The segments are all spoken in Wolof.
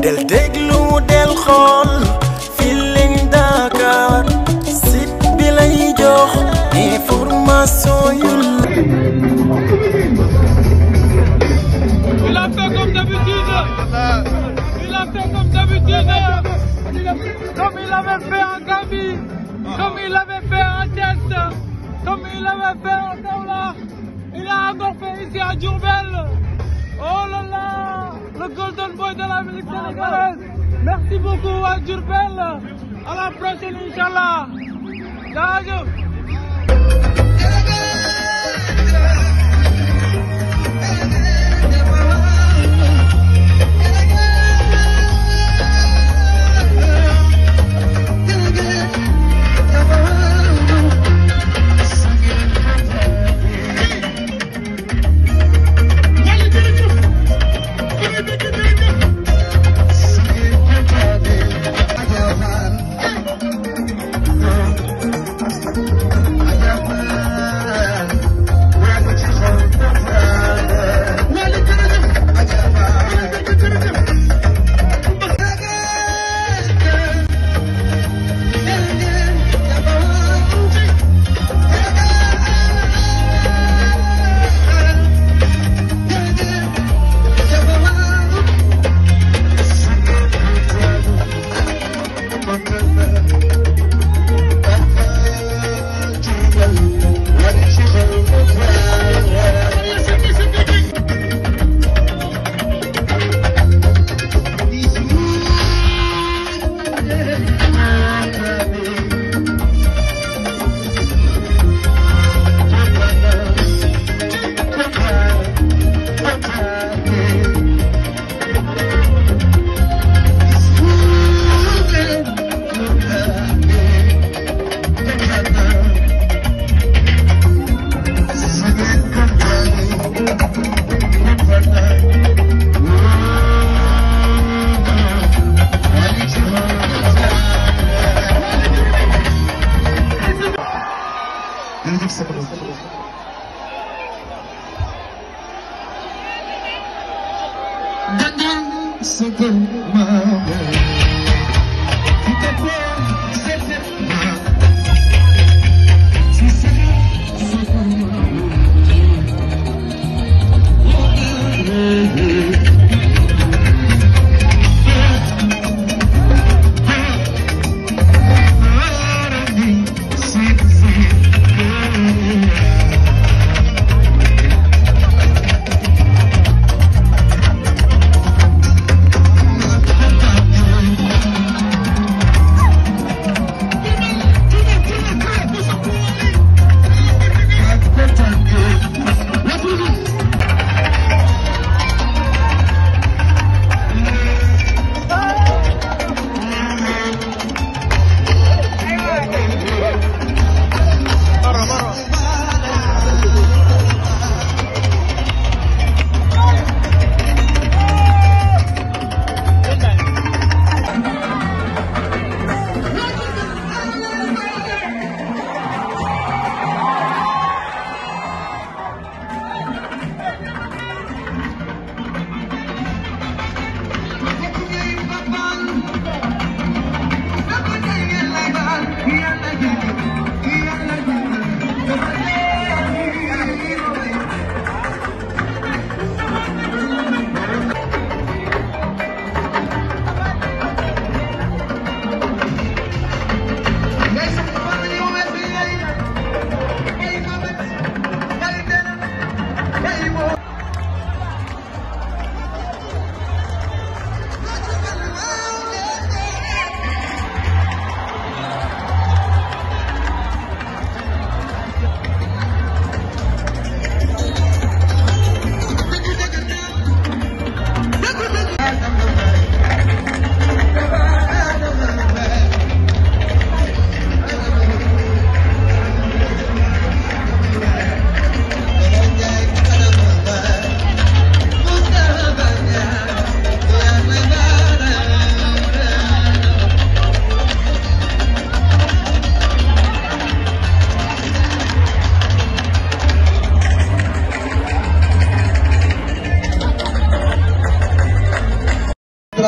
del déglu del xool Feeling Dakar site jox information yu Il a fait comme d'habitude Il a fait comme d'habitude il avait fait en Gambie il avait fait en Thiès il avait fait en Kaolack Il a encore fait ici à Diourbel oh là là le golden boy de la musique sénégalaise merci beaucoup waa Diourbel à la prochaine incha allah jaajëf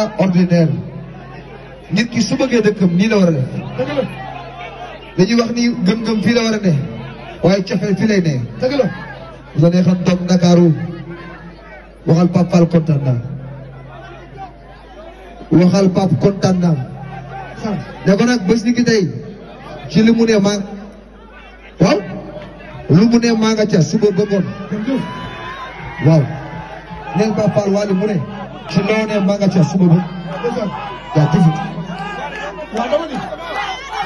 extraordinaire nit ki su bëggee dëkkam nii la war a dañuy wax ni gëm-gëm fii la war a waaye cofeel fii lay ne. dëgg la bu la neexoon toog Ndakaaru waxal Pape Fall kontaan waxal Pape kontaan naa. ko nag bés ni ki tey ci li mu ne maa waaw lu mu ne maa nga ca suba ba waaw neen Pape Fall Wally mu ne. ci noonee maa nga ca suba ba yaa jëfut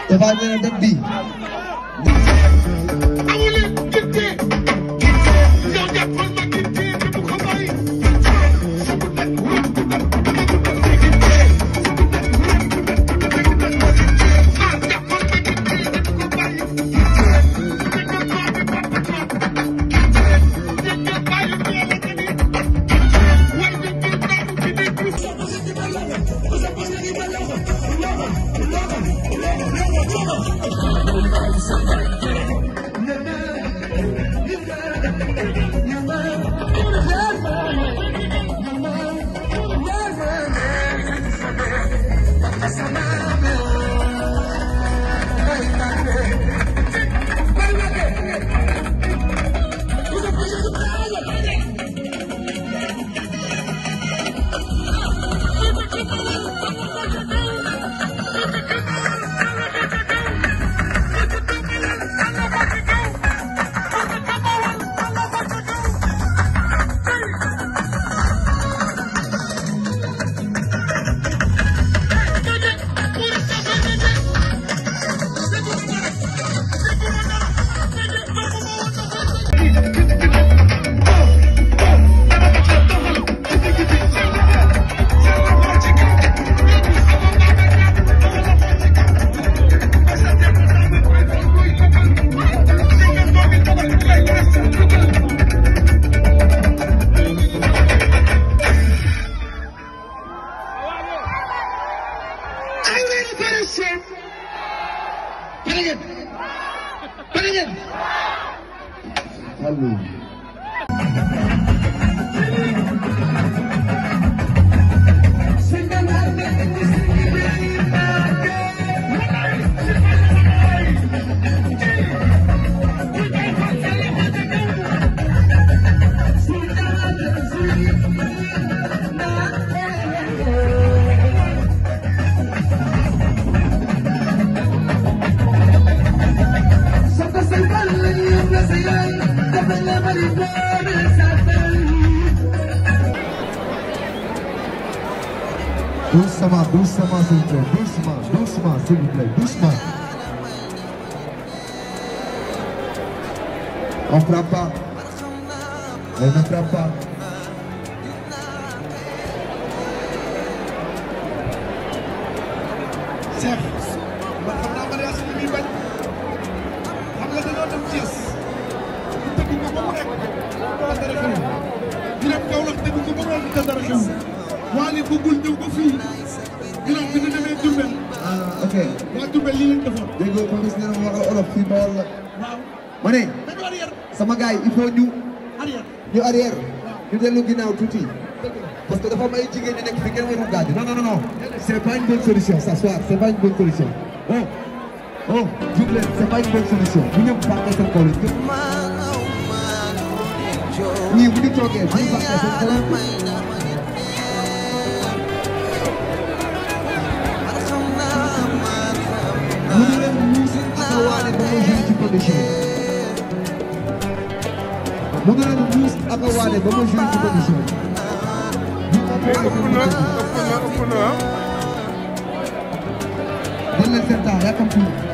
dafa ne dem bii Doucement, doucement, s'il vous plaît. Doucement, doucement, s'il vous plaît. Doucement. On ne frappe lii lañ defoon. déggoo ko ma wax yi il faut ñu. arrière ñu arrière. dellu ginnaaw tuuti. parce que dafa am ay jigéen ñi nekk fi kenn warul gaañ. non non non c'est pas une bonne solution s'asseoir c'est pas une bu ñëpp baaxee seen kaw lañ ñii bu ñu toogee bu ñu baaxee seen kaw déchiré mu ngi leen di juste après waane ba ma joué ci condition bi. mais ëpp na ëpp na